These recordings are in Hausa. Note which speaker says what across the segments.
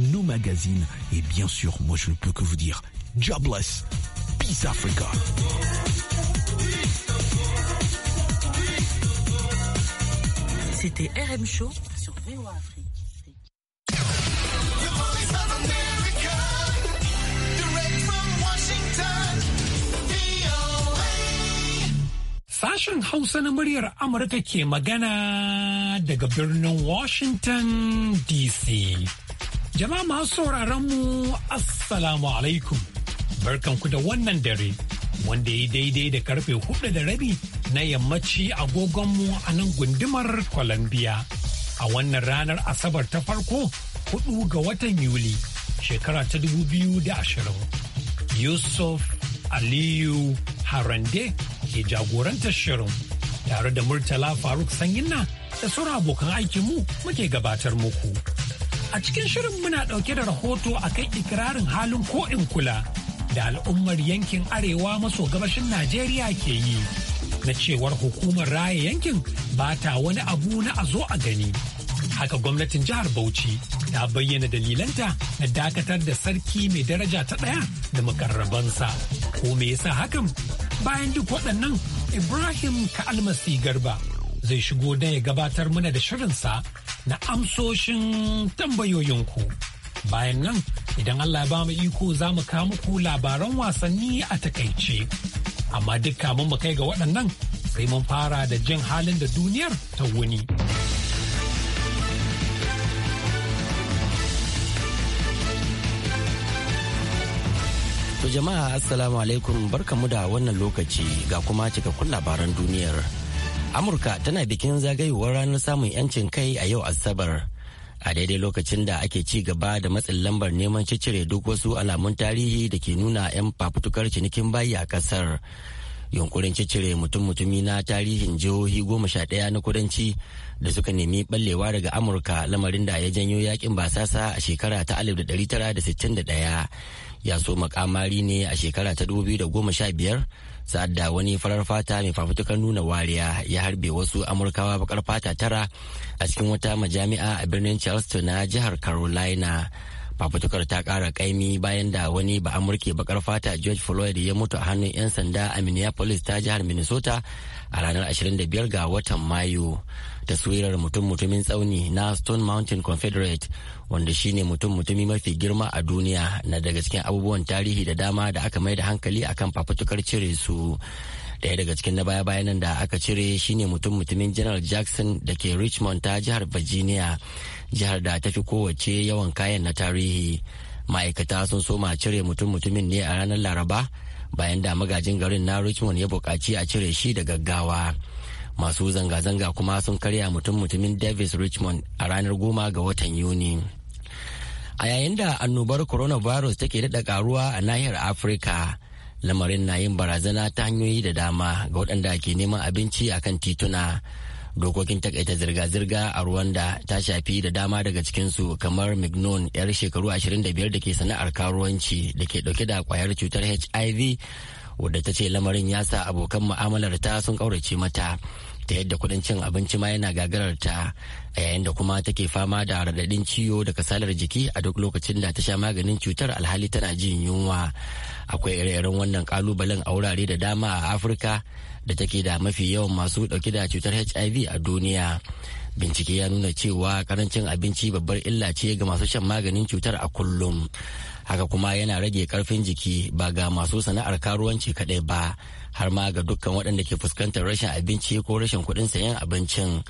Speaker 1: nos magazines et bien sûr, moi je ne peux que vous dire Jobless, Peace Africa.
Speaker 2: C'était RM Show sur VOA Afrique. house Hausa na muryar Amurka ke magana daga birnin Washington DC. Jama'a masu sauraron mu Assalamu alaikum. Barkanku da wannan dare wanda ya daidai da karfe hudu da rabi na yammaci agogonmu a nan gundumar Colombia. A wannan ranar Asabar ta farko hudu ga watan Yuli shekara ta dubu biyu da ashirin. Yusuf Aliyu Harande ke jagorantar shirin tare da Murtala Faruk Sanyinna da sauran abokan aikinmu muke gabatar muku. A cikin shirin muna ɗauke da rahoto a kan ikirarin halin ko'in kula da al'ummar yankin Arewa maso gabashin Najeriya ke yi. Na cewar hukumar raya yankin ba ta wani abu na a zo a gani. Haka gwamnatin jihar Bauchi ta bayyana dalilanta na dakatar da sarki mai daraja ta ɗaya da makarrabansa. Ko me yasa hakan? Bayan duk waɗannan Ibrahim Ka'almasi Garba zai shigo da ya gabatar mana da shirinsa na amsoshin tambayoyinku. Bayan nan, idan Allah ba mu iko za mu kawo muku labaran wasanni a takaice. Amma duk kamun mu kai ga waɗannan sai mun fara da jin halin da duniyar ta
Speaker 3: wuni. To jama'a assalamu alaikum barkamu da wannan lokaci ga kuma cikakkun labaran duniyar. amurka tana bikin zagayowar ranar samun 'yancin kai a yau asabar a daidai lokacin da ake ci gaba da matsin lambar neman cicire duk wasu alamun tarihi da ke nuna 'yan fafutukar cinikin bayi a kasar yunkurin cicire mutum-mutumi na tarihin jihohi goma sha ɗaya na kudanci da suka nemi ɓallewa daga amurka lamarin da ya janyo yakin basasa a shekara ta 1961 ya so makamari ne a shekara ta 2015 sa'ad da wani farar fata mai fafutukar nuna wariya ya harbe wasu amurkawa bakar fata tara a cikin wata majami'a a birnin charleston na jihar carolina fafutukar ta kara kaimi bayan da wani ba amurke bakar fata george floyd ya mutu a hannun 'yan sanda a minneapolis ta jihar minnesota a ranar 25 ga watan mayu taswirar mutum-mutumin tsauni na stone mountain confederate wanda shine mutum-mutumi mafi girma a duniya na daga cikin abubuwan tarihi da dama da aka mai da hankali akan fafutukar cire su daya daga cikin na baya bayanan da aka cire shine mutum-mutumin general jackson da ke richmond ta jihar virginia jihar da ta fi kowace yawan kayan na tarihi ma'aikata sun soma cire mutum-mutumin ne a ranar laraba bayan da magajin garin na richmond ya bukaci a cire shi da gaggawa. masu zanga-zanga kuma sun karya mutum-mutumin davis richmond a ranar goma ga watan yuni a yayin da annobar coronavirus take daɗa karuwa a nahiyar afirka lamarin na yin barazana ta hanyoyi da dama ga waɗanda ke neman abinci a kan tituna dokokin takaita zirga-zirga a rwanda ta shafi da dama daga cikinsu kamar mignon yar shekaru 25 da ke sana'ar karuwanci da ke dauke da kwayar cutar hiv wadda ta ce lamarin ya sa abokan mu'amalar ta sun ƙaurace mata ta yadda kudin cin abinci ma yana gagarar ta a yayin da kuma take fama da radadin ciwo da kasalar jiki a duk lokacin da ta sha maganin cutar alhali tana jin yunwa akwai ire-iren wannan kalubalen a wurare da dama a afirka da take da mafi yawan masu dauke da cutar hiv a duniya bincike ya nuna cewa karancin abinci babbar illa ce ga masu shan maganin cutar a kullum haka kuma yana rage karfin jiki ba ga masu sana'ar karuwanci kadai ba har ma ga dukkan waɗanda ke fuskantar rashin abinci ko rashin kuɗin sayan abincin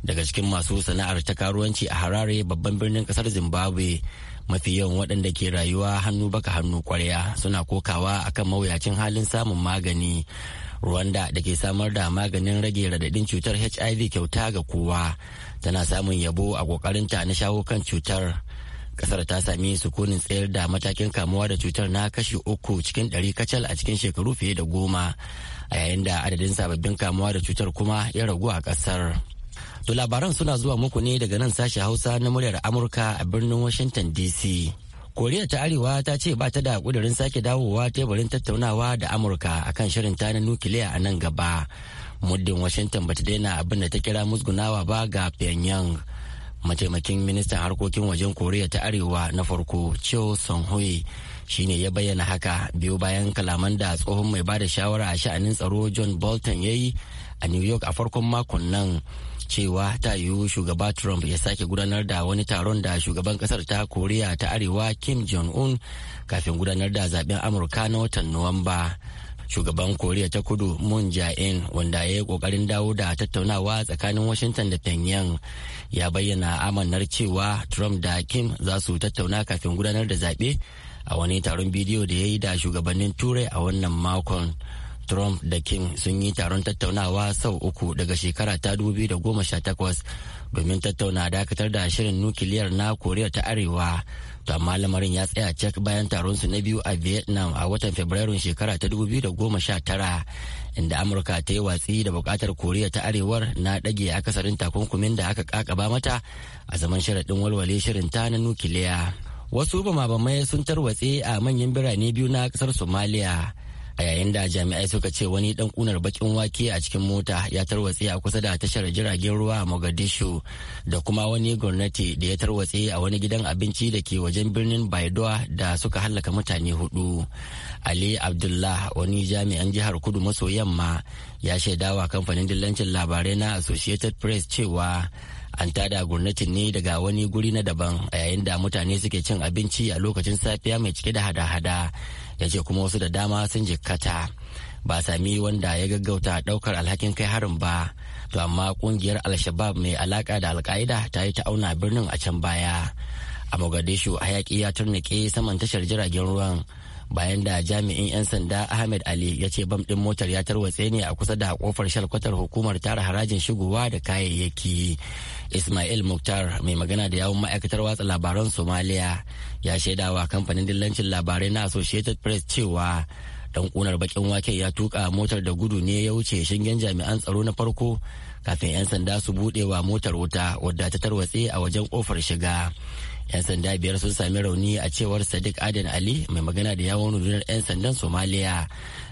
Speaker 3: daga cikin masu sana'ar ta karuwanci a harare babban birnin ƙasar zimbabwe mafi yawan waɗanda ke rayuwa hannu baka hannu kwarya suna kokawa akan mawuyacin halin samun magani rwanda da ke samar da maganin rage radadin cutar hiv kyauta ga kowa tana samun yabo a kokarinta na shawo kan cutar kasar ta sami sukunin tsayar da matakin kamuwa da cutar na kashi uku cikin ɗari kacal a cikin shekaru fiye da goma a yayin da adadin sababbin kamuwa da cutar kuma ya ragu a ƙasar. To labaran suna zuwa muku ne daga nan sashi Hausa na muryar Amurka a birnin Washington DC. Koriya ta Arewa ta ce ba ta da kudirin sake dawowa teburin tattaunawa da Amurka akan shirin ta na nukiliya a nan gaba. Muddin Washington bata daina abin da ta kira musgunawa ba ga Pyongyang. Mataimakin ministan harkokin wajen Koriya ta Arewa na farko Cho Song Hui ne ya bayyana haka biyu bayan kalaman da tsohon mai bada shawara a sha'anin tsaro John Bolton ya yi a New York a farkon makon nan. cewa ta yiwu shugaba Trump ya sake gudanar da wani taron da shugaban kasar ta Koriya ta Arewa Kim Jong-un kafin gudanar da zaben Amurka na watan Nuwamba. Shugaban Koriya ta Kudu Moon Jae-in wanda ya yi kokarin dawo da tattaunawa tsakanin Washington da Pyongyang ya bayyana amannar cewa Trump da Kim za su tattauna kafin gudanar da zaɓe a wani taron bidiyo da ya yi da shugabannin Turai a wannan makon. Trump da Kim sun yi taron tattaunawa sau uku daga shekara ta 2018 domin tattauna dakatar da shirin nukiliyar na Koriya ta Arewa. To amma lamarin ya tsaya cek bayan taron su na biyu a Vietnam a watan Fabrairun shekara ta 2019 inda Amurka ta yi watsi da bukatar Koriya ta Arewar na ɗage akasarin takunkumin da aka kakaba mata a zaman sharaɗin walwale shirin ta na nukiliya. Wasu bamabamai sun tarwatse a manyan birane biyu na ƙasar somaliya. a yayin da jami'ai suka ce wani dan kunar bakin wake a cikin mota ya tarwatse a kusa da tashar jiragen ruwa a mogadishu da kuma wani gwamnati da ya tarwatse a wani gidan abinci da ke wajen birnin baidoa da suka hallaka mutane hudu ali abdullah wani jami'an jihar kudu maso yamma ya shaidawa kamfanin dillancin labarai na associated press cewa an tada gwamnatin ne daga wani guri na daban a yayin da mutane suke cin abinci a lokacin safiya mai cike da hada-hada ya ce kuma wasu da dama sun jikkata ba sami wanda ya gaggauta daukar alhakin kai harin ba to amma kungiyar al-shabab mai alaka da alka'ida ta yi ta auna birnin a can baya a mogadishu hayaki ya turnike saman tashar jiragen ruwan bayan da jami'in 'yan sanda ahmed ali ya ce bam ɗin motar ya tarwatse ne a kusa da kofar shalkwatar hukumar tara harajin shigowa da kayayyaki ismail muktar mai magana da yawun ma'aikatar watsa labaran somaliya ya shaidawa kamfanin dillancin labarai na associated press cewa dan kunar bakin wake ya tuka motar da gudu ne ya wuce shingen jami'an tsaro na farko kafin 'yan sanda su buɗe wa motar wuta wadda ta tarwatse a wajen kofar shiga 'yan sanda biyar sun sami rauni a cewar sadiq aden ali mai magana da yawon rundunar 'yan sandan somaliya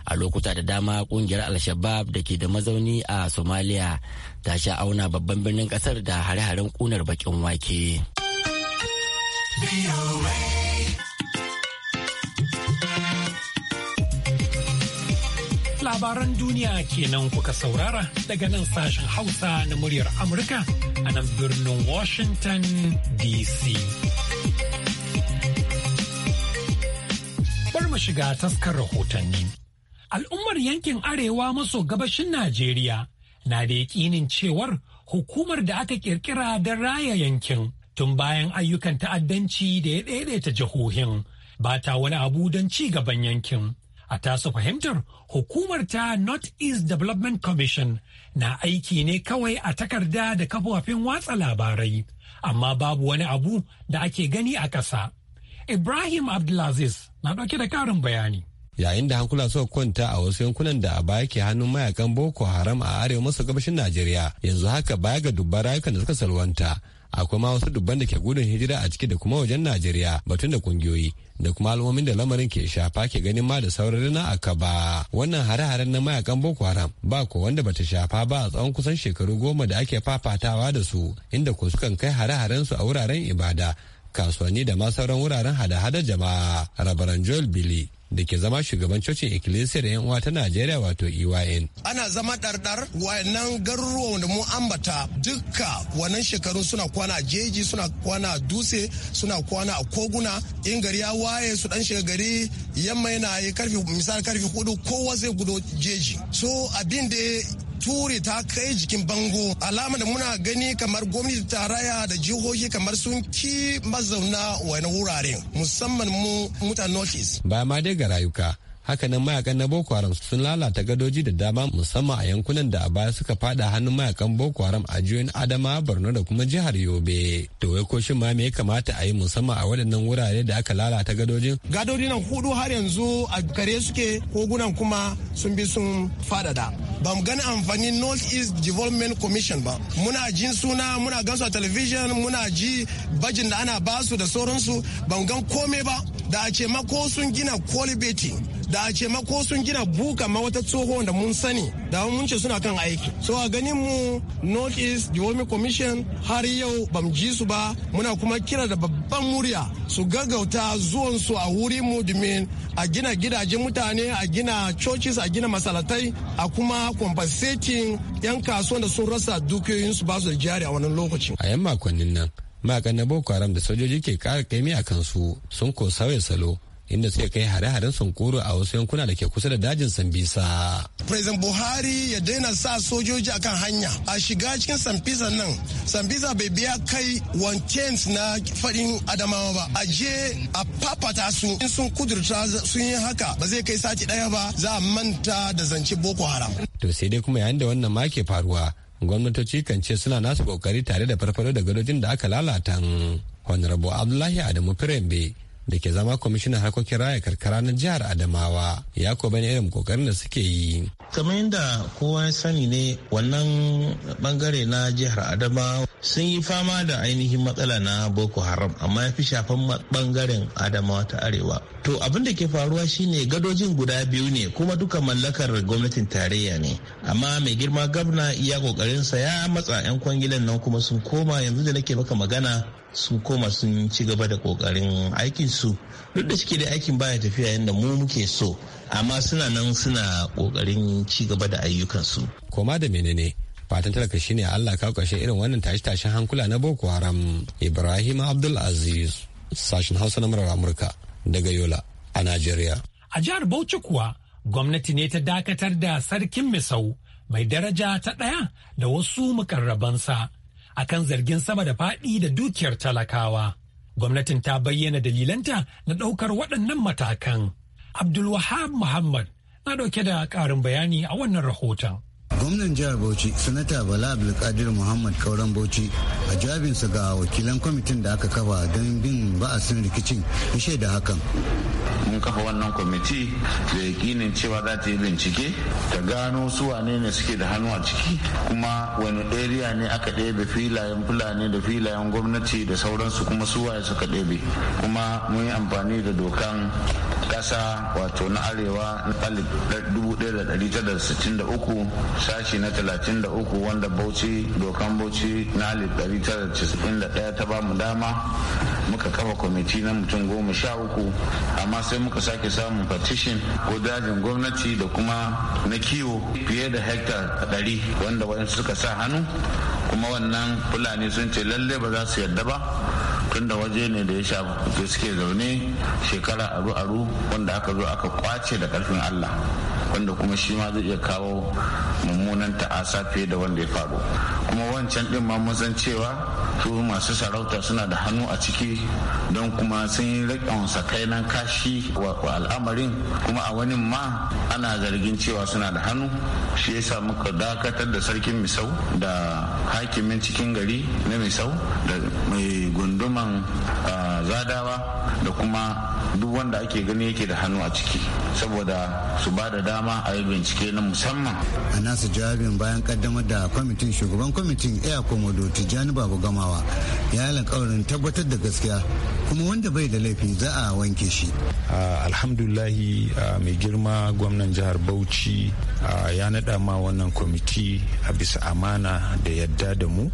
Speaker 3: a lokuta da dama kungiyar Alshabab da ke da mazauni a somaliya ta sha auna babban birnin kasar da hare-haren kunar bakin wake.
Speaker 2: Labaran duniya kenan kuka saurara daga nan sashen Hausa na muryar Amurka a nan birnin Washington DC. Bar mu shiga taskar rahotanni. Al'ummar yankin Arewa maso gabashin Najeriya na da yaƙinin cewar hukumar da aka kirkira da raya yankin tun bayan ayyukan ta'addanci da ya daidaita jihohin ba ta wani abu don ci gaban yankin. A tasu fahimtar hukumar ta North East Development Commission na aiki ne kawai a takarda da kafofin watsa labarai, amma babu wani abu da ake gani a ƙasa. Ibrahim Abdulaziz na ɗauke da ƙarin bayani.
Speaker 4: yayin da hankula suka kwanta a wasu yankunan da a baya ke hannun mayakan boko haram a arewa maso gabashin najeriya yanzu haka baya ga dubban rayukan da suka salwanta akwai ma wasu dubban da ke gudun hijira a ciki da kuma wajen najeriya batun da kungiyoyi da kuma al'ummomin da lamarin ke shafa ke ganin ma da saurari na aka ba wannan hare-haren na mayakan boko haram ba ko wanda bata shafa ba a tsawon kusan shekaru goma da ake fafatawa da su inda ko sukan kai hare-haren su a wuraren ibada kasuwanni da ma sauran wuraren hada hada jama'a rabaran joel billy da ke zama shugaban cocin ikkilisiyar yan uwa ta najeriya wato eyn
Speaker 5: ana zama ɗarɗar wannan garuruwan da mu ambata dukka wannan shekaru suna kwana jeji suna kwana dutse suna kwana a koguna in gari ya waye su dan shiga gari yamma yana yi karfi misali karfi hudu kowa zai gudo jeji so abin da ture ta kai jikin bango alama da muna gani kamar gwamnati tarayya da jihohi kamar sun ki mazauna wani wuraren musamman mu mutanen ofis.
Speaker 4: ba ma dai ga rayuka hakanan mayakan na boko haram sun lalata gadoji da dama musamman a yankunan da a baya suka fada hannun mayakan boko haram a jiyoyin adama borno da kuma jihar yobe to wai ko shin ma me ya kamata a yi musamman a waɗannan wurare da aka lalata gadojin
Speaker 5: gadoji nan hudu har yanzu a gare suke kogunan kuma sun bi sun fadada ba mu gani amfani north east development commission ba muna jin suna muna gansu a television muna ji bajin da ana basu da sauransu ba mu gan komai ba da a ce ma ko sun gina kwalibeti da a ce ma sun gina buka ma wata tsoho da mun sani da mun ce suna kan aiki so a ganin mu north east development commission har yau bam ji su ba muna kuma kira da babban murya su gaggauta zuwan su a wuri mu domin a gina gidajen mutane a gina churches a gina masalatai a kuma compensating yan kasuwan da sun rasa dukiyoyin su ba su da jari
Speaker 4: a wannan lokacin a yan makonnin nan makan na boko haram da sojoji ke kara kaimi a kansu sun ko sauya salo inda suka kai hare-haren sunkuru a wasu yankuna da ke kusa da dajin sambisa
Speaker 5: president buhari ya daina sa sojoji akan hanya a shiga cikin sambisa nan sambisa bai biya kai wancan na fadin adamawa ba a je a fafata su in sun kudurta sun yi haka ba zai kai sati daya ba za a manta da zance boko haram
Speaker 4: to sai dai kuma yayin da wannan ma ke faruwa gwamnatoci kan ce suna nasu kokari tare da farfado da gadojin da aka lalata honorable abdullahi adamu firembe da ke zama kwamishinan harkokin raya karkara na jihar adamawa ya ko bane irin kokarin da suke yi
Speaker 6: kamar yadda kowa ya sani ne wannan bangare na jihar adamawa sun yi fama da ainihin matsala na boko haram amma ya fi shafan bangaren adamawa ta arewa to abin da ke faruwa shine gadojin guda biyu ne kuma duka mallakar gwamnatin tarayya ne amma mai girma gabna iya kokarinsa ya matsa 'yan kwangilan nan kuma sun koma yanzu da nake maka magana sun koma sun ci gaba da kokarin aikinsu duk da suke da aikin baya tafiya yadda mu muke so amma suna nan suna
Speaker 4: kokarin ci gaba da ayyukansu. koma da menene fatan talaka shine Allah ka kashe irin wannan tashe tashin hankula na Boko Haram Ibrahim Abdul Aziz sashen Hausa na murar Amurka daga Yola a Najeriya.
Speaker 2: A jihar Bauchi kuwa gwamnati ne ta dakatar da sarkin Misau mai daraja ta daya da wasu mukarrabansa. a kan zargin sama da faɗi da dukiyar talakawa. Gwamnatin ta bayyana dalilanta na ɗaukar waɗannan matakan. Abdulwahab Muhammad na ɗauke da ƙarin bayani a wannan rahoton.
Speaker 7: gwamnan jihar bauchi sanata bala abdulkadir muhammad kauran bauchi a jabinsa ga wakilan kwamitin da aka kafa don bin ba'asin rikicin ya shaida hakan mun kafa wannan kwamiti da yakinin cewa za ta yi bincike ta gano su wane ne suke da hannu a ciki kuma wani area ne aka ɗebe filayen fulani da filayen gwamnati da sauransu kuma su waye suka ɗebe kuma mun yi amfani da dokan ƙasa wato na arewa na 1963 sashi na 33 wanda bauchi dokan bauchi na 1991 ta ba mu dama muka kafa kwamiti na mutum goma sha uku amma sai muka sake samun partition ko dajin gwamnati da kuma na kiwo fiye da hektar ɗari wanda waɗansu suka sa hannu kuma wannan fulani sun ce lalle ba za su yadda ba tunda waje ne da ya shafi suke zaune shekara aru-aru wanda aka zo aka kwace da ƙarfin allah wanda kuma shi ma zai iya kawo mummunan ta'asa fiye da wanda ya faru kuma wancan din ma mun san cewa su masu sarauta suna da hannu a ciki don kuma sun yi rikon sakainan kashi wa al'amarin kuma a wani ma ana zargin cewa suna da hannu shi yasa muka dakatar da sarkin misau da hakimin cikin gari na misau da mai gunduman zadawa da kuma duk wanda ake gani yake da hannu a ciki saboda su ba da dama a yi bincike na musamman a nasu jawabin bayan kaddamar da kwamitin shugaban kwamitin air komodo tijjani babu gama girmamawa ya yi alkawarin tabbatar da gaskiya kuma wanda bai da laifi za a wanke shi alhamdulahi mai girma gwamnan jihar bauchi ya naɗa ma wannan kwamiti a bisa amana da yadda da mu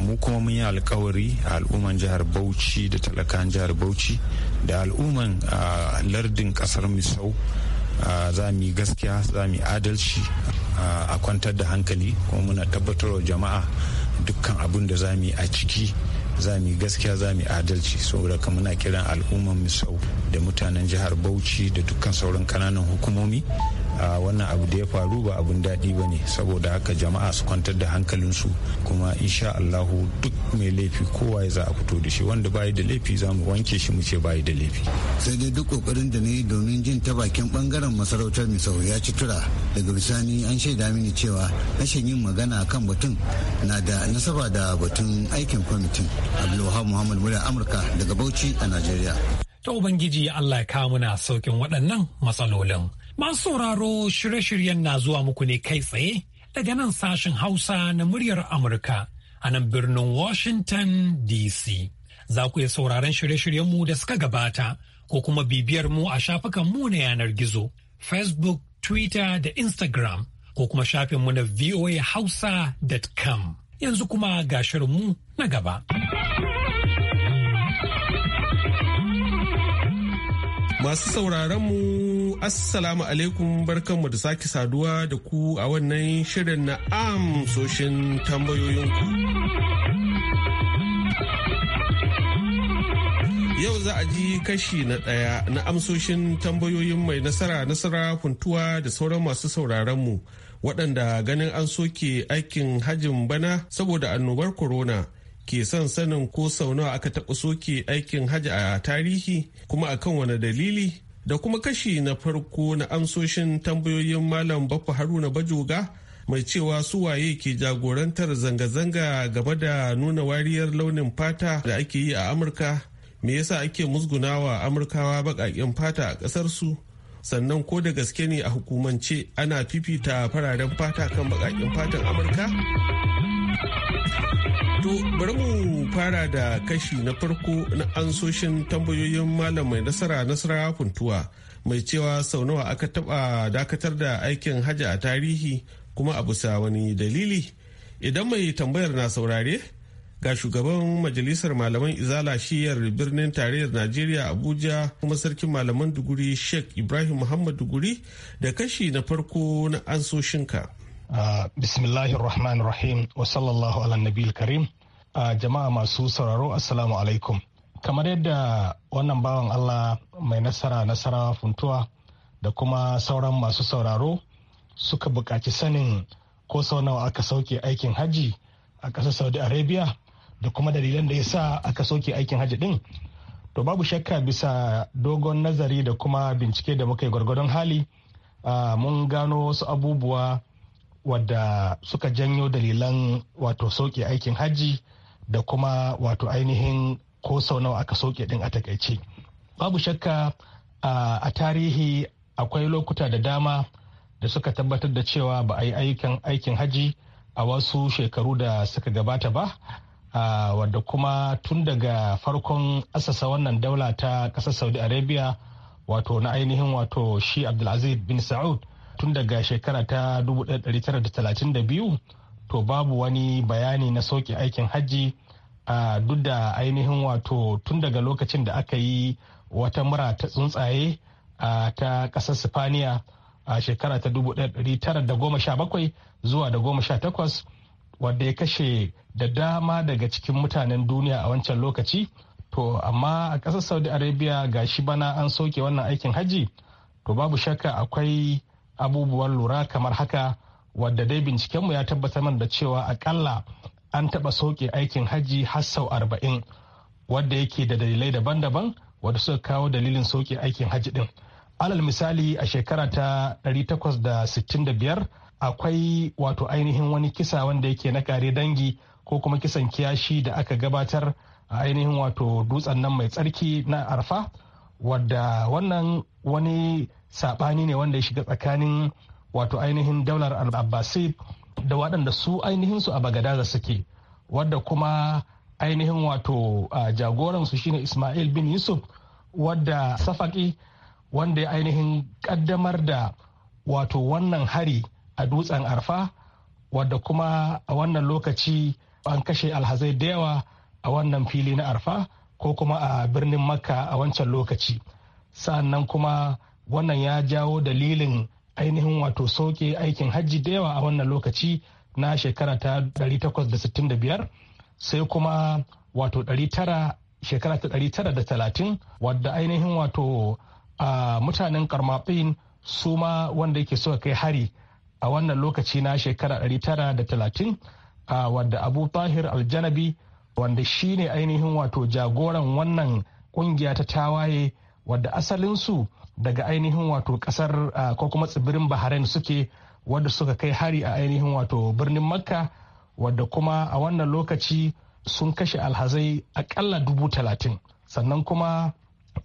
Speaker 7: mu kuma mun yi alkawari a al'umman jihar bauchi da talakan jihar bauchi da al'umman lardin kasar misau za mu yi gaskiya za mu yi adalci a kwantar da hankali kuma muna tabbatarwa jama'a dukkan abin da za a ciki zami gaskiya za adalci saboda ka muna kiran al'umman misau da mutanen jihar bauchi da dukkan sauran kananan hukumomi wannan abu da ya faru ba abun daɗi ba ne saboda haka jama'a su kwantar da hankalinsu kuma insha allahu duk mai laifi kowa ya za a fito da shi wanda bayi da laifi za mu wanke shi mu ce bayi da laifi sai dai duk kokarin da na yi domin jin ta bakin bangaren masarautar misau ya ci tura daga bisani an shaida mini cewa rashin yin magana kan batun na da nasaba da batun aikin kwamitin abdulwahab muhammad muryar amurka daga bauchi a najeriya
Speaker 2: ta ubangiji allah ya kawo muna saukin waɗannan matsalolin Masu sauraro shirye-shiryen na zuwa muku ne kai tsaye daga nan sashen Hausa na muryar Amurka a nan birnin Washington DC. Za ku iya sauraron shirye shiryen mu da suka gabata ko kuma bibiyar mu a shafukan mu na yanar gizo, Facebook, Twitter da Instagram ko kuma mu na voahausa.com. Yanzu kuma ga mu na gaba.
Speaker 8: Masu mu assalamu alaikum barkanmu da sake saduwa da ku a wannan shirin na amsoshin ku Yau za a ji kashi na ɗaya na amsoshin tambayoyin mai nasara nasara funtuwa da sauran masu sauraronmu waɗanda ganin an soke aikin hajin bana saboda annobar corona. ke son sanin ko sau nawa aka taɓa soke aikin hajji a tarihi kuma akan wani dalili da kuma kashi na farko na amsoshin tambayoyin malam bafa haruna bajoga mai cewa su waye ke jagorantar zanga-zanga game da nuna wariyar launin fata da ake yi a amurka me yasa ake musgunawa amurkawa baƙaƙen fata a su, sannan ko da gaske ne a hukumance ana fifita fararen fata kan baƙaƙen fatan amurka To bari mu fara da kashi na farko na ansoshin tambayoyin malam mai nasara nasara funtuwa mai cewa sau nawa aka taba dakatar da aikin hajji a tarihi kuma a bisa wani dalili idan mai tambayar na saurare ga shugaban majalisar malaman izala shiyar birnin tarayyar najeriya abuja kuma sarkin malaman duguri sheikh ibrahim muhammad duguri da kashi na farko na ansoshinka.
Speaker 6: Ah, bismillahir rahmanir rahim wa sallallahu ala nabil karim ah, jama'a masu sauraro assalamu alaikum kamar yadda wannan bawan allah mai nasara nasara funtuwa da kuma sauran masu sauraro suka buƙaci sanin ko sau nawa aka sauke aikin haji a ƙasar saudi arabia da kuma dalilan da ya sa aka sauke aikin haji din to babu shakka bisa dogon nazari da kuma bincike da muka yi gwargwadon hali ah, mun gano wasu abubuwa wadda suka janyo dalilan wato sauke aikin hajji da kuma wato ainihin ko sau nawa aka sauke din a takaice babu shakka a tarihi akwai lokuta da dama da suka tabbatar da cewa ba a yi aikin aikin hajji a wasu shekaru da suka gabata ba wadda kuma tun daga farkon asasa wannan daula ta ƙasar saudi arabia wato na ainihin wato shi abdulaziz bin sa'ud tun daga shekara ta 1932 to babu wani bayani na sauke aikin hajji a duk da ainihin wato tun daga lokacin da aka yi wata mura ta tsuntsaye ta ƙasar sifaniya a shekara ta 1917 zuwa da 18 wadda ya kashe da dama daga cikin mutanen duniya a wancan lokaci to amma a ƙasar saudi arabia ga shi bana an soke wannan aikin hajji to babu shakka akwai abubuwan lura kamar haka wadda dai bincikenmu ya tabbatar mana da cewa akalla an taɓa soke aikin hajji har sau arba'in wadda yake da dalilai daban-daban wadda suka kawo dalilin soke aikin hajji din alal misali a shekara ta 865 akwai wato ainihin wani kisa wanda yake na kare dangi ko kuma kisan kiyashi da aka gabatar a ainihin wato dutsen nan mai tsarki na arfa wadda wannan wani saɓani ne wanda ya shiga tsakanin wato ainihin daular abbasid da waɗanda su ainihin su a bagadaza suke wadda kuma ainihin wato jagoransu shine ismail bin yusuf wadda safaki wanda ya ainihin kaddamar da wato wannan hari a dutsen arfa wadda kuma a wannan lokaci an kashe alhazai da yawa a wannan fili na arfa ko kuma a birnin makka a wancan lokaci sa'annan kuma wannan ya jawo dalilin ainihin wato soke aikin hajji da yawa a wannan lokaci na shekara ta 865 sai kuma wato 900 shekara ta 930 wadda ainihin wato a mutanen karmafin su ma wanda yake so kai hari a wannan lokaci na shekara 930 a wadda abu tahir aljanabi wanda shine ainihin wato jagoran wannan kungiya ta tawaye wadda asalinsu daga ainihin wato kasar ko kuma tsibirin bahrain suke wadda suka kai hari a ainihin wato birnin makka wadda kuma a wannan lokaci sun kashe alhazai akalla dubu talatin sannan kuma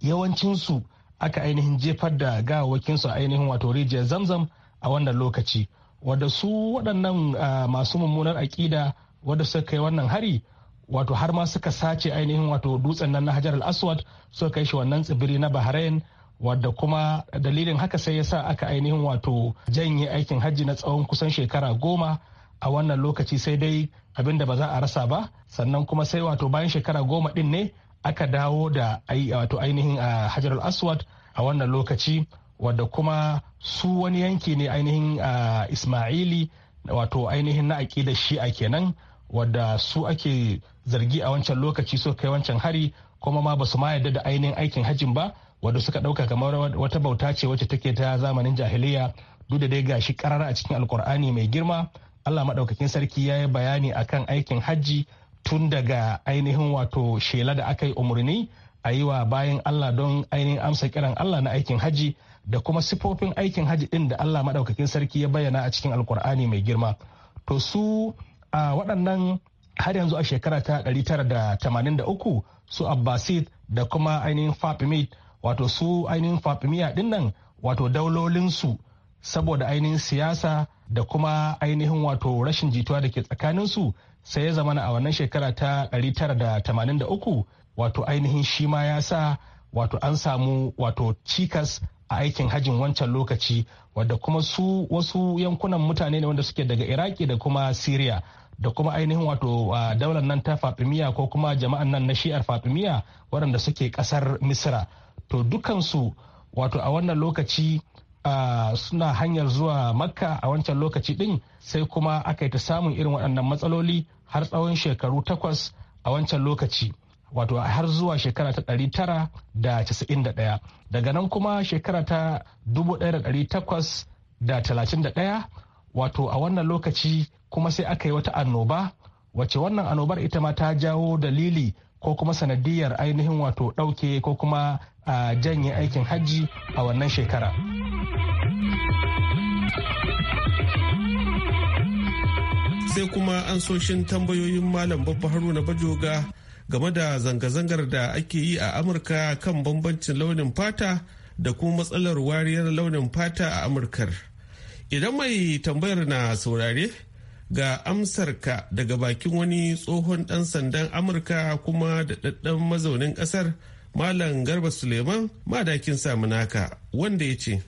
Speaker 6: yawancinsu aka ainihin jefar da gawawakinsu a ainihin wato rijiyar zamzam a wannan lokaci wadda su waɗannan masu mummunar aƙida wadda suka kai wannan hari wato har ma suka sace ainihin wato dutsen nan na hajar al-aswad suka kai shi wannan tsibiri na bahrain wadda kuma dalilin haka sai ya sa aka ainihin wato janye aikin hajji na tsawon kusan shekara goma a wannan lokaci sai dai abin da ba za a rasa ba sannan kuma sai wato bayan shekara goma din ne aka dawo da wato ainihin a hajar aswad a wannan lokaci wadda kuma su wani yanki ne ainihin a ismaili wato ainihin na shi a kenan wadda su ake zargi a wancan lokaci so kai wancan hari kuma ma ba su ma yadda da ainihin aikin hajjin ba wadda suka ɗauka kamar wata bauta ce wacce take ta zamanin jahiliya duk da dai gashi karara a cikin alkur'ani mai girma allah maɗaukakin sarki ya yi bayani akan aikin hajji tun daga ainihin wato shela da aka yi umarni a yi wa bayan allah don ainihin amsa kiran allah na aikin hajji da kuma sifofin aikin hajji ɗin da allah maɗaukakin sarki ya bayyana a cikin alkur'ani mai girma to su a waɗannan har yanzu a shekara ta 983 su abbasid da kuma ainihin fatimid wato su ainihin fafimiya din nan wato daulolinsu saboda ainihin siyasa da kuma ainihin wato rashin jituwa da ke tsakaninsu sai ya zama a wannan shekara ta 983 wato ainihin shi ma ya sa wato an samu wato cikas a aikin hajin wancan lokaci wadda kuma su wasu yankunan mutane ne wanda suke daga iraki da kuma siriya da kuma ainihin wato daular nan ta fafimiya ko kuma jama'an nan na shi'ar fafimiya waɗanda suke ƙasar Misira. to dukansu wato a wannan lokaci suna hanyar zuwa makka a wancan lokaci din sai kuma aka yi ta samun irin waɗannan matsaloli har tsawon shekaru takwas a wancan lokaci wato har zuwa shekara ta ɗari tara da casa'in da ɗaya daga nan kuma shekara ta dubu ɗaya da ɗari takwas da talatin da ɗaya wato a wannan lokaci kuma sai aka yi wata annoba wacce wannan annobar ita ma ta jawo dalili ko kuma sanadiyar ainihin wato ɗauke ko kuma janye aikin hajji a wannan shekara. sai kuma ansoshin tambayoyin malam babba
Speaker 8: haruna bajoga game da zanga-zangar da ake yi a amurka kan bambancin launin fata da kuma matsalar wariyar launin fata a amurkar idan mai tambayar na saurare ga amsarka daga bakin wani tsohon ɗan sandan amurka kuma da daddan mazaunin ƙasar malam garba suleiman madakin samunaka wanda ya ce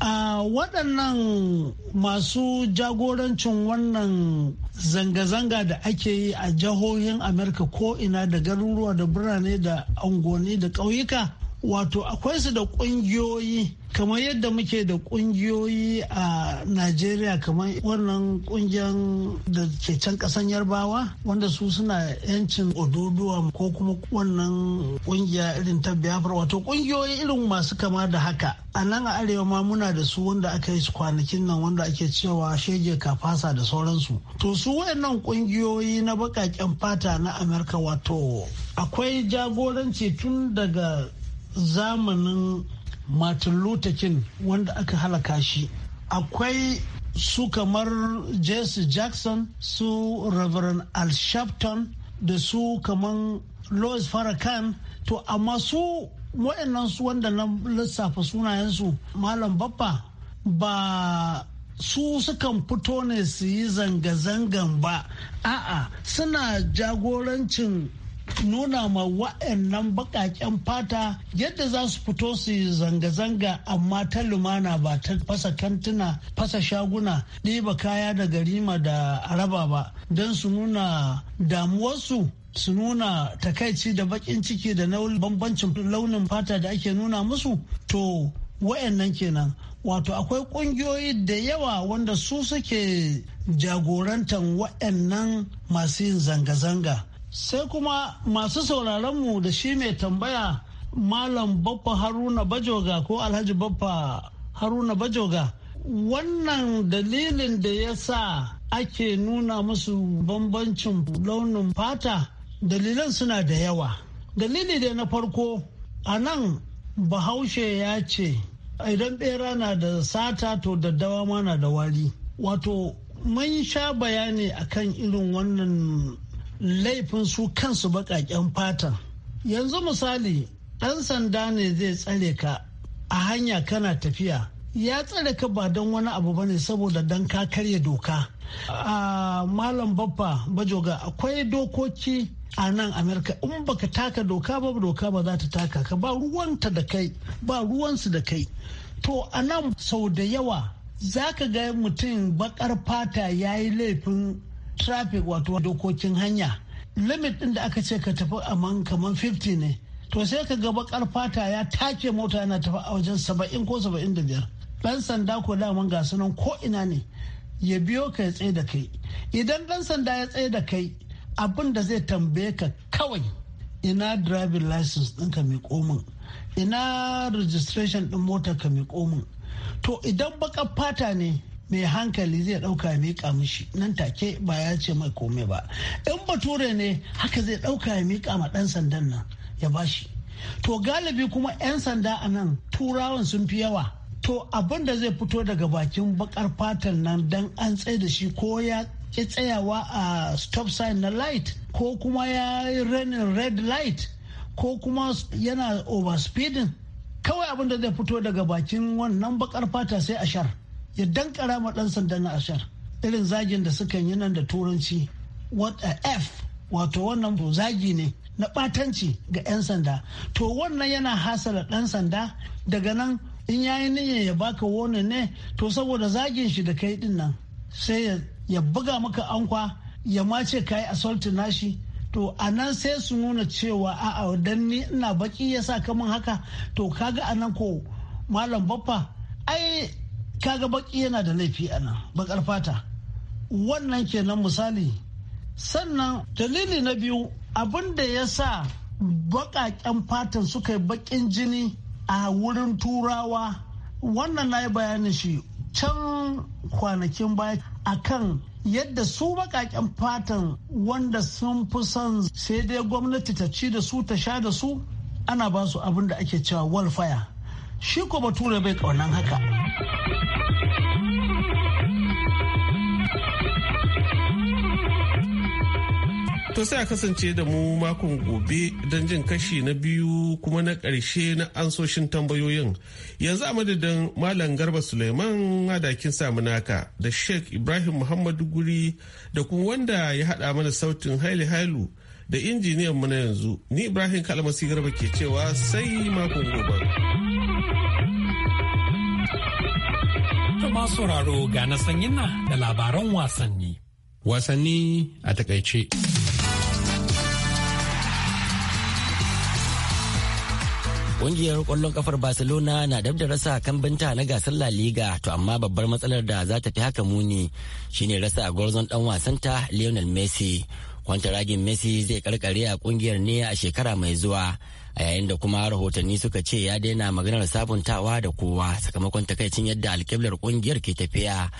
Speaker 1: a waɗannan masu jagorancin wannan zanga-zanga da ake yi a jihohin amurka ko'ina da garuruwa da birane da angoni da ƙauyuka wato akwai su da ƙungiyoyi kamar yadda muke da kungiyoyi a najeriya kamar wannan kungiyar da ke can kasan yarbawa wanda su suna yancin ododuwa ko kuma wannan kungiya irin ta biafra wato kungiyoyi irin masu kama da haka a nan a arewa ma muna da su wanda aka yi kwanakin nan wanda ake cewa shege kafasa da sauransu to su wayannan kungiyoyi na bakaken fata na amurka wato akwai jagoranci tun daga zamanin martin luther wanda aka halaka shi akwai su kamar jesse jackson su reverend al Shapton da su kamar louis farrakhan to amma su wa'annan su wanda na lissafa sunayensu malam baffa ba su sukan fito ne su yi zanga-zangan ba a'a suna jagorancin nuna ma wa'annan baƙaƙen fata yadda za su fito su zanga-zanga amma ta lumana ba ta fasa kantuna fasa shaguna ɗiba kaya da garima da araba ba don su nuna damuwarsu su nuna takaici da bakin ciki da bambancin launin fata da ake nuna musu to wa'annan kenan wato akwai kungiyoyi da yawa wanda su suke jagorantar wa'annan masu yin zanga-zanga sai kuma masu sauraronmu da shi mai tambaya malam baffa haruna bajoga ko alhaji baffa haruna bajoga wannan dalilin da ya sa ake nuna musu bambancin launin fata dalilan suna da yawa dalili da na farko a nan bahaushe ya ce idan bera na da sata to daddawa ma na da wari wato mun sha bayani akan irin wannan laifin su kansu baƙaƙen fata yanzu misali ɗan sanda ne zai tsare ka a hanya kana tafiya ya tsare ka ba don wani abu bane saboda don ka karya doka a malam baffa bajoga akwai dokoki a nan amerika in baka taka doka ba doka ba za ta taka ka ba ruwanta da kai ba ruwansu da kai to a nan sau da yawa za ka ga mutum baƙar fata ya yi laifin traffic wato dokokin hanya limit ɗin da aka ce ka tafi aman kaman 50 ne to sai ka ga bakar fata ya take mota yana tafi a wajen 70 ko 75 ɗan sanda ko daman ga sunan ko ina ne ya biyo ka ya tsaye da kai idan ɗan sanda ya tsaye da kai abin da zai tambaye ka kawai ina driving license ka mai komin ina registration ɗin mota ka mai komin to idan baka fata ne mai hankali zai ɗauka miƙa mishi nan take ba ya ce mai komai ba in bature ne haka zai ɗauka ya miƙa ma ɗan sandan nan ya bashi to galibi kuma 'yan sanda a nan turawan sun fi yawa to abin da zai fito daga bakin bakar fatan nan dan an tsaye da shi ko ya ki tsayawa a stop sign na light ko kuma ya renin red light ko kuma yana speeding kawai abin da zai fito daga bakin wannan bakar fata sai a shar ya dankara ma dan sanda na ashar irin zagin da suka yi nan da turanci what f wato wannan zagi ne na batanci ga 'yan sanda to wannan yana hasala dan sanda daga nan in yayi niyya ya baka wannan ne to saboda zagin shi da kai din nan sai ya buga maka ankwa ya mace kai assaultin nashi to a nan sai su nuna cewa a'a dan ni ina baki yasa sa kaman haka to kaga ga anan ko malam baffa ai kaga baki yana da laifi a bakar fata wannan kenan misali sannan dalili na biyu abin da ya sa bakaken fatan suka yi bakin jini a wurin turawa wannan na yi bayanin shi can kwanakin baya A kan yadda su bakaken fatan wanda sun fi son sai dai gwamnati ta ci da su ta sha da su ana ba su abin da ake cewa walfaya shi ko bature bai kaunan haka.
Speaker 8: To sai a kasance da mu makon gobe don jin kashi na biyu kuma na ƙarshe na ansoshin tambayoyin. Yanzu a madadin Malam Garba Suleiman Hadakin Samunaka da Sheikh Ibrahim Muhammadu Guri da kuma wanda ya haɗa mana sautin Haile Hailu da injiniyan mu na yanzu. Ni Ibrahim Kalmasi Garba ke cewa sai makon gobe.
Speaker 2: sauraro ga na da labaran wasanni.
Speaker 4: Wasanni a takaice.
Speaker 3: Ƙungiyar kwallon ƙafar Barcelona na dab da rasa binta na gasar La Liga to amma babbar matsalar da za ta fi haka muni shine rasa gwarzon dan ta Lionel Messi. ragin Messi zai karkare a ƙungiyar ne a shekara mai zuwa a yayin da kuma rahotanni suka ce ya daina maganar sabuntawa da kowa sakamakon takaicin yadda alƙiblar ƙungiyar ke tafiya.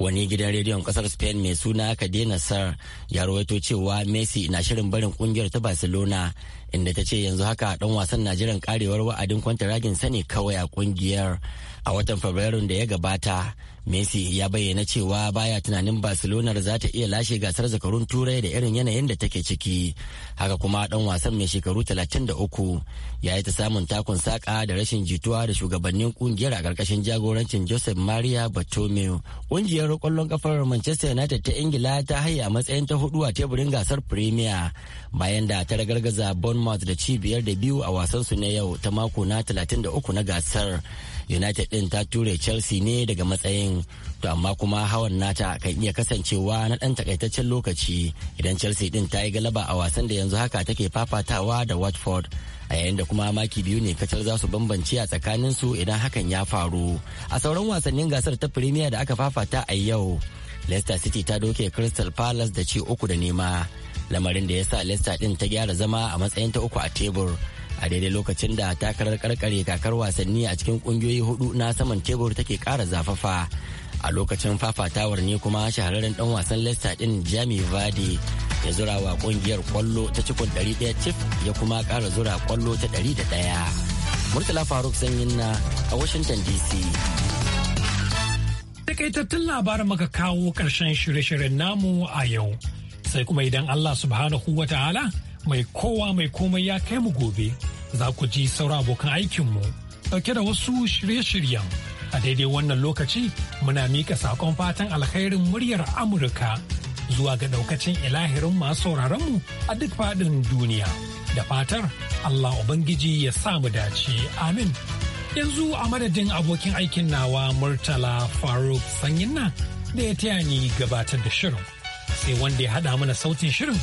Speaker 3: wani gidan rediyon kasar spain mai suna cadena sar ya rawaito cewa messi na shirin barin kungiyar ta barcelona inda ta ce yanzu haka dan wasan na jiran karewar wa'adin kwantaragin sani kawai a kungiyar a watan fabrairun da ya gabata Messi ya bayyana cewa baya tunanin Barcelona za ta iya lashe gasar zakarun turai da irin yanayin da take ciki. Haka kuma ɗan wasan mai shekaru 33 ya yi ta samun takun saƙa da rashin jituwa da shugabannin ƙungiyar a karkashin jagorancin Joseph Maria Bartomeu. ƙungiyar kwallon kafar Manchester United ta Ingila ta haya matsayin ta hudu a teburin gasar Premier bayan da ta ragargaza Bournemouth da cibiyar da biyu a wasansu na yau ta mako na 33 na gasar. united din ta ture chelsea ne daga matsayin to amma kuma hawan nata kan iya kasancewa na dan takaitaccen lokaci idan chelsea din ta yi galaba a wasan da yanzu haka take fafatawa da watford a yayin da kuma maki biyu ne kacal za su bambance a tsakanin su idan hakan ya faru a sauran wasannin gasar ta premier da aka fafata a yau leicester city ta doke crystal palace da ci uku da nema lamarin da ya sa leicester din ta gyara zama a matsayin ta uku a tebur a daidai lokacin da takarar karkare kakar wasanni a cikin kungiyoyi hudu na saman tebur take kara zafafa a lokacin fafatawar ne kuma shahararren dan wasan leicester din Jami vardy ya zura wa kungiyar kwallo ta cikon 100 cif ya kuma kara zura kwallo ta 101 murtala faruk sanyin na a washington dc takaitattun
Speaker 2: labarin maka kawo karshen shirye-shiryen namu a yau sai kuma idan allah subhanahu wa ta'ala mai kowa mai komai ya kai mu gobe za ku ji sauran abokan aikinmu ɗauke da wasu shirye-shiryen a daidai wannan lokaci muna miƙa saƙon fatan alkhairin muryar amurka zuwa ga ɗaukacin ilahirin masu sauraronmu a duk faɗin duniya da fatar allah ubangiji ya samu dace amin yanzu a madadin abokin aikin nawa murtala faruk sanyin nan da ya taya ni gabatar da shirin sai wanda ya haɗa mana sautin shirin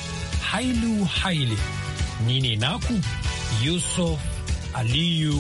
Speaker 2: Hailu Haile. Ni ne naku Yusuf Aliyu